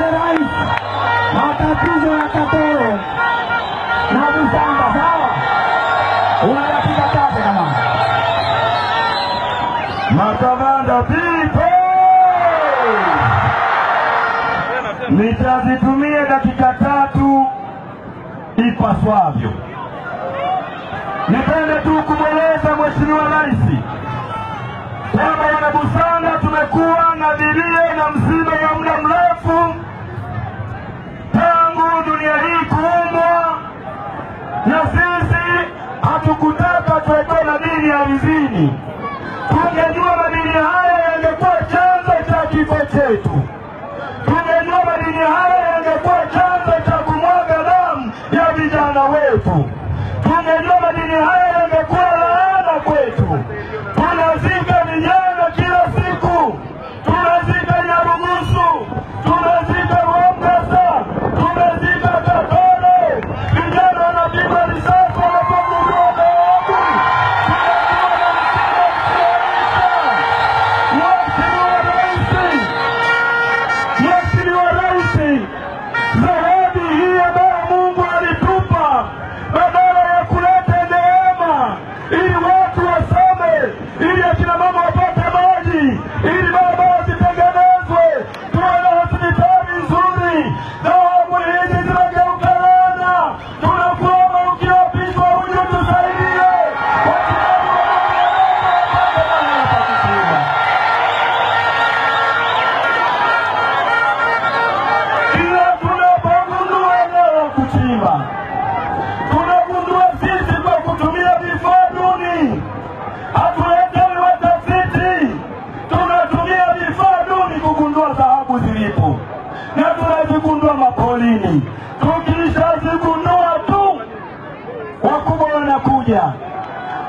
Jenerali matatizo ya Katoro na Busanga, sawa. Unayapiga tatu kama Makavanda vipo, nitazitumia dakika tatu ipaswavyo. Nipende tu kumweleza Mheshimiwa Rais kwamba wana Busana, tumekuwa na vilio na msiba wa muda mrefu tangu dunia hii kuumbwa, na sisi hatukutaka na madini ya ardhini. Tungejua madini haya yangekuwa chanzo cha kifo chetu, tungejua madini haya yangekuwa chanzo cha kumwaga damu ya vijana wetu.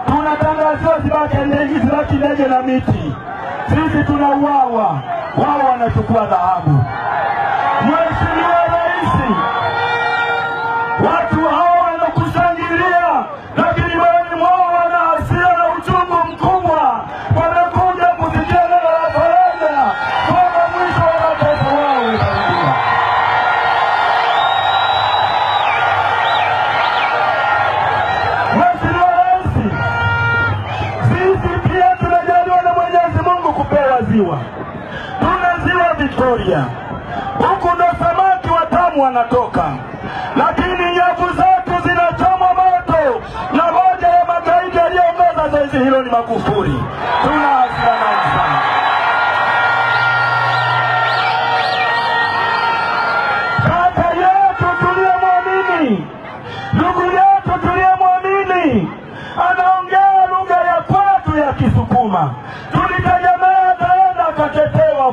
tunatangazia zibaki ndege na miti, sisi tunauawa, wao wanachukua dhahabu. Mheshimiwa Rais, watu hao ziwa, tuna ziwa Victoria, huku ndo samaki watamu wanatoka, lakini nyavu zetu zinachomwa moto na moja ya magaidi aliyoongoza zoezi hilo ni Magufuli. Tuna hasira nyingi sana. Kaka yetu tuliyemwamini, ndugu yetu tuliyemwamini anaongea lugha ya kwetu ya Kisukuma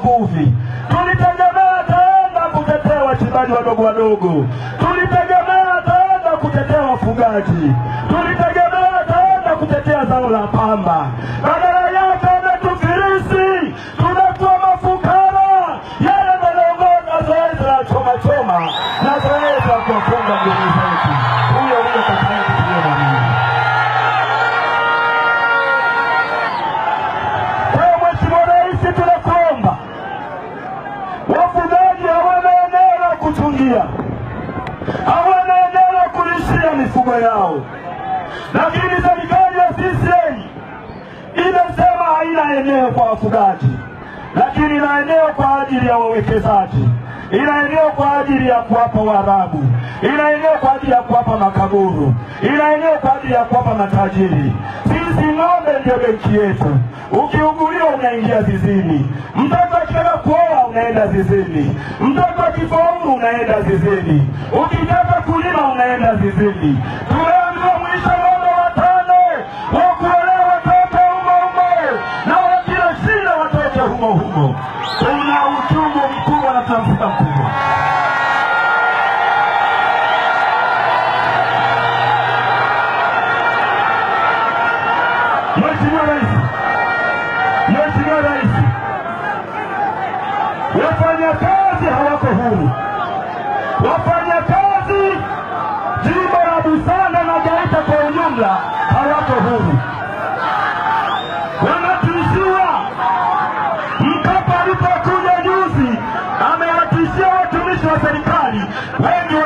uvuvi. Tulitegemea ataenda kutetea wachimbaji wadogo wadogo, tulitegemea ataenda kutetea wafugaji. mambo yao, lakini serikali ya CCM imesema haina eneo kwa wafugaji, lakini ina eneo kwa ajili ya wawekezaji, ina eneo kwa ajili ya kuwapa Waarabu, ina eneo kwa ajili ya kuwapa makaburu, ina eneo kwa ajili ya kuwapa matajiri. Basi ng'ombe ndio benchi yetu. Ukiuguliwa unaingia zizini, mtoto akitaka kuoa unaenda zizini, mtoto akifaulu unaenda zizini, ukitaka kulima unaenda zizini. Mheshimiwa Rais, Mheshimiwa Rais, wafanyakazi hawako huru, wafanyakazi jimbo la Busanda na Geita kwa ujumla hawako huru, wanatishiwa. Mkapa alipokuja juzi, amewatishia watumishi wa serikali wengi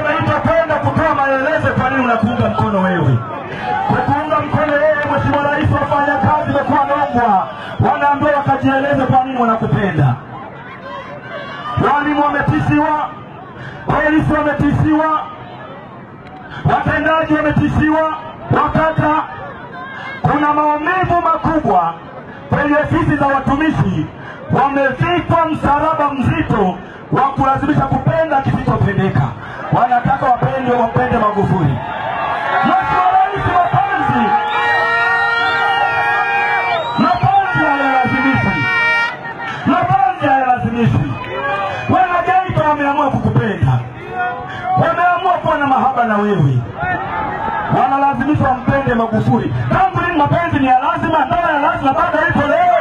wanakupenda. Walimu wametisiwa, polisi wametisiwa, watendaji wametisiwa. Wakata kuna maumivu makubwa kwenye ofisi za watumishi, wamevikwa msalaba mzito wa kulazimisha kupenda kisichopendeka. Wanataka wapende, wampende Magufuli. hawana mahaba na wewe, wanalazimishwa mpende Magufuli. Tangu lini mapenzi ni ya lazima, ndoa ya lazima? Bado ipo leo.